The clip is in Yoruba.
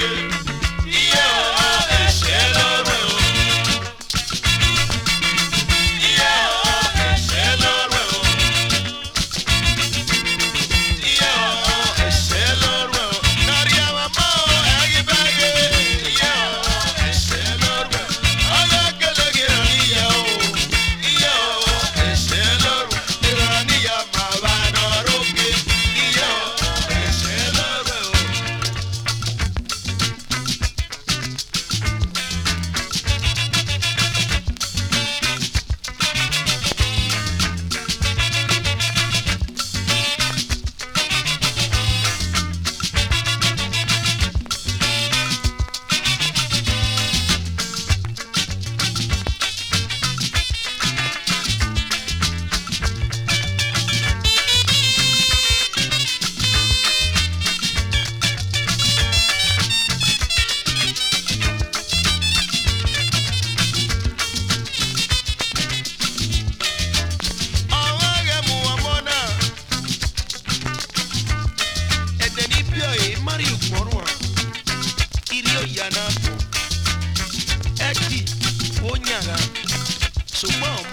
Yeah. iliyoporwa iliyoyanapo ẹkì ó yàrá ṣùgbọ́n.